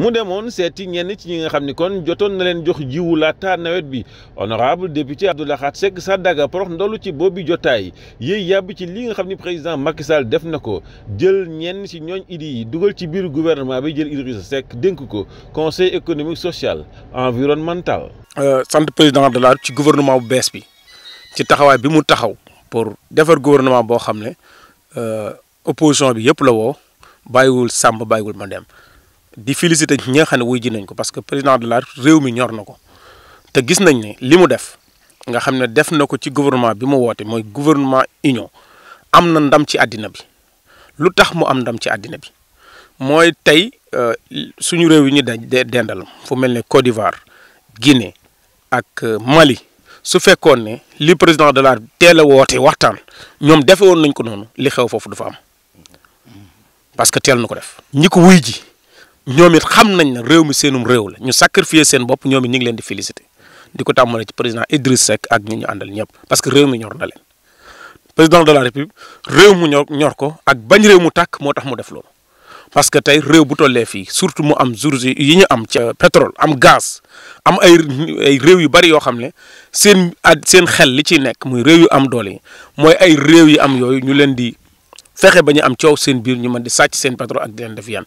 mu demoon seeti ñenn ci ñi nga xam ni kon jotoon na leen jox jiwu laata nawet bi honorable député Abdou Lahad Seck Sadaga porox ndolu ci boobu jotaay yéey yàbb ci li nga xam ni président Macky Sall def na ko jël ñenn ci ñooñ idi yi dugal ci biir gouvernement bi jël Idrissa Seck dénk ko conseil économique social environnemental. Euh, sant président de la ci gouvernement bu bees bi ci taxawaay bi mu taxaw pour defar gouvernement boo xam ne euh, opposition bi yëpp la woo bàyyiwul Samba bàyyiwul ma dem di féliciter ñi nga xam ne wuy ji nañ ko parce que président de la réew mi ñor na ko te gis nañ ne li mu def nga xam ne def na ko ci gouvernement bi mu woote mooy gouvernement union am na ndam ci àddina bi lu tax mu am ndam ci àddina bi mooy tey euh, suñu réew yi ñu dañ de dendal fu mel ne Côte d'Ivoire Guinée ak euh, Mali su fekkoon ne li président de la teel a woote waxtaan ñoom defe woon nañ ko noonu li xew foofu du fa am parce que teel nu ko def ñi ko wuy ji ñoom it xam nañ ne réew mi seenum réew la ñu sacrifier seen bopp ñoom it ñu ngi leen di féliciter di ko tàmmalee ci président Idriss Seck ak ñi ñu àndal ñëpp parce que réew mi ñor na leen président de la république réew mu ñor ñor ko ak bañ réew mu tàkk moo tax mu def loolu. parce que tey réew bu tollee fii surtout mu am jours yi ñu am ca pétrole am gaz am ay réew yu bari yoo xam ne seen ad seen xel li ciy nekk muy réew yu am doole yi mooy ay réew yi am yooyu ñu leen di fexe ba ñu am coow seen biir ñu mën di sàcc seen pétrole ak di leen yan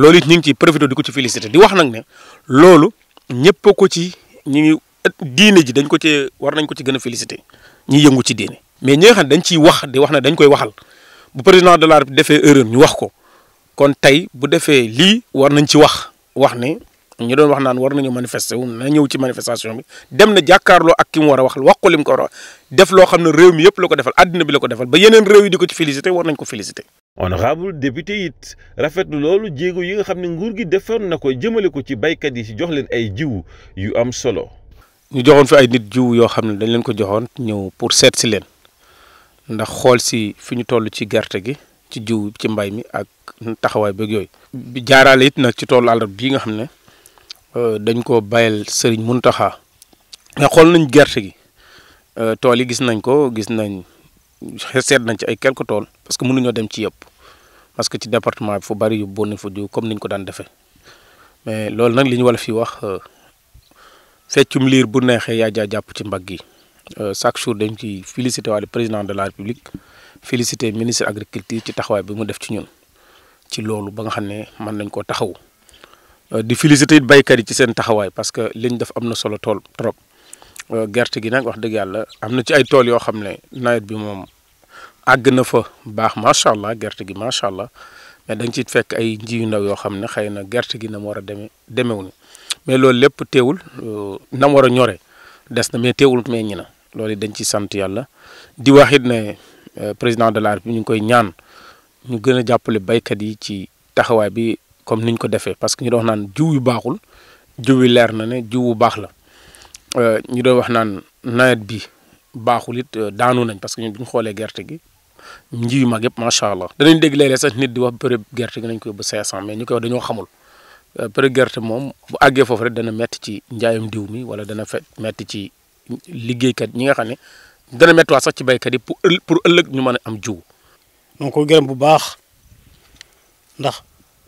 loolu it ñu ngi ciy profité di ko ci félicité di wax nag ne loolu ñëpp ko ci ñu ngi diine ji dañ ko ci war nañ ko ci gën a félicité ñiy yëngu ci diine. mais ñi nga xam dañ ciy wax di wax ne dañ koy waxal bu président de la defee erreur ñu wax ko kon tey bu defee lii war nañ ci wax wax ne ñu doon wax naan war nañu manifester wu na ñëw ci manifestation bi dem na jàkkaarloo ak ki mu war a wax wax ko li mu ko war a def loo xam ne réew mi yëpp la ko defal àddina ko defal ba yeneen réew yi di ko ci félicité war nañ honorable député it rafetlu loolu jéego yi nga xam ne nguur gi defoon na ko jëmale ko ci baykat yi ci jox leen ay jiw yu am solo. ñu joxoon fi ay nit jiw yoo xam ne dañ leen ko joxoon ñëw pour seet si leen ndax xool si fi ñu toll ci gerte gi ci jiw ci mbay mi ak taxawaay beeg yooyu. bi jaaraale it nag ci toolu àll bii nga xam ne euh, dañ ko bayal Serigne Mountakha. mais xool nañ gerte gi euh, tool yi gis nañ ko gis nañ. seet nañ ci ay quelques tool parce que mënuñoo dem ci yëpp parce que ci département bi fu bari yu bon fa jiw comme niñ ko daan defee mais loolu nag li ñu wala fi wax feccum euh, liir bu neexee yaa jaa jàpp ci mbagg yi euh, chaque jour dañ ciy félicité waale président de la république félicité ministre agriculture ci taxawaay bi mu def ci ñun ci loolu ba nga xam ne mën nañ koo taxawu euh, di félicité baykat yi ci seen taxawaay parce que liñ def am na solo tool trop. Euh, gerte gi nag wax dëgg yàlla am na ci ay tool yoo xam ne nawet bi moom àgg na fa baax macha allah gerte gi macha allah mais dañ ci fekk ay nji ndaw yoo xam ne xëy na gerte gi na mu war a demee demeewul mais loolu lépp teewul euh, na mu war a ñore des na mais teewul meññ na loolu dañ ci sant yàlla di wax it ne euh, président de la République ñu koy ñaan ñu gën a jàppale baykat yi ci taxawaay bi comme ni ñu ko defee parce que ñu doon naan jiw yu baaxul jiw yu leer na ne jiw bu baax la. Euh, ñu doon wax naan nawet bi baaxul it euh, daanu nañ parce que ñun bu ñu xoolee gerte gi nji yu mag yëpp macha allah. danañ dégg léeg-léeg sax nit di wax prix gerte gi nañ koy ba 500 mais ñu koy wax dañoo xamul prix euh, gerte moom bu àggee foofu rek dana metti ci njaayum diw mi wala dana fe metti ci liggéeykat ñi nga xam ne dana méttiwaat sax ci béykat yi pour pour ëllëg ñu mën a am jiw. ma ko gërëm bu baax ndax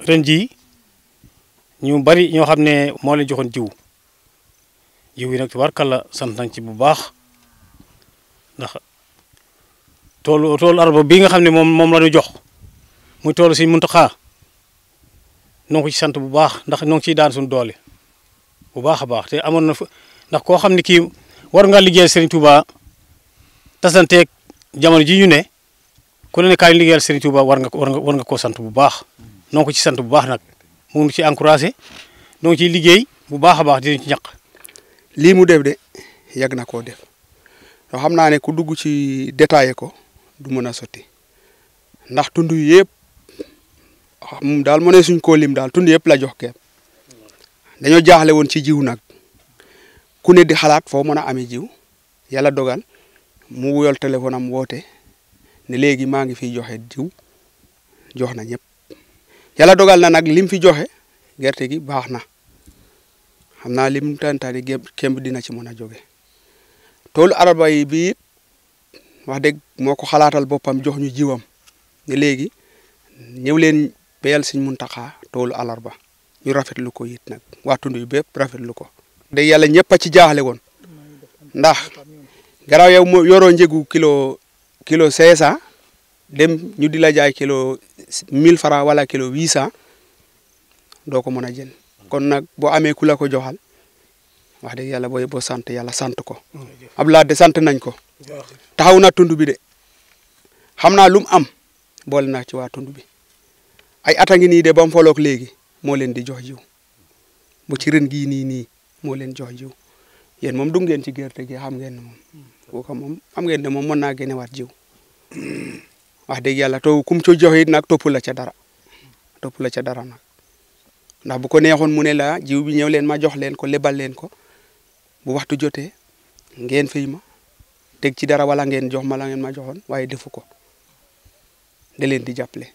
ren jii ñu bari ñoo xam ne moo leen joxoon jiw. yiw yi nag tubaarkàlla sant nañ ci bu baax ndax toolu toolu arba bii nga xam ne moom moom la ñu jox muy toolu Sëñ munta noo ngi ko ci sant bu baax ndax noo ngi ciy daan suñu doole bu baax a baax amoon na fa ndax koo xam ne kii war ngaa liggéeyal Serigne Touba tasanteeg jamono jii ñu ne ku ne ne kaay liggéeyal war nga war nga war nga koo sant bu baax noo ngi ko ci sant bu baax nag mu ngi ci encouragé noo ngi ciy liggéey bu baax a baax di ci ñaq lii mu def de yàgg na koo def yoo xam naa ne ku dugg ci détaillé ko du mën a sotti ndax tund yëpp daal mu ne suñ koo lim daal tund yëpp la jox keem dañoo jaaxle woon ci jiw nag ku ne di xalaat foo mën a amee jiw yàlla dogal mu wuyal téléphone am woote ne léegi maa ngi fiy joxe jiw jox na ñëpp yàlla dogal na nag lim fi joxe gerte gi baax na. xam naa lim tantaani kémb dina ci mën a tol araba yi bi wax dëgg moko ko bopam jox ñu jiwam ne léegi ñew leen beyal señ Muntaxa tol alarba ñu rafetlu ko yit nak wa tundu yu bépp rafetlu ko de yalla ñepp ci jaaxle won ndax graw yow yoro njegu kilo kilo cinq dem ñu di la jaay kilo mil francs wala kilo visa, doko mëna ko kon nag boo amee ku la ko joxal wax dëgg yàlla booy boo sant yàlla sant ko. ab de sant nañ ko. taxaw na tund bi de xam naa lu am boole naa ci waa tund bi ay at a de ba mu foloog léegi moo leen di jox jiw bu ci ren gii nii nii moo leen jox jiw yéen moom dugg ngeen ci gerte gi xam ngeen ne moom kooka moom xam ngeen ne moom mën naa génnewaat jiw wax dëgg yàlla to kum co joxe it nag topp la ca dara topp la ca dara nag. ndax bu ko neexoon mu ne la jiw bi ñëw leen ma jox leen ko lebal leen ko bu waxtu jotee ngeen fay ma teg ci dara wala ngeen jox ma la ngeen ma joxoon waaye defu ko da leen di jàppale.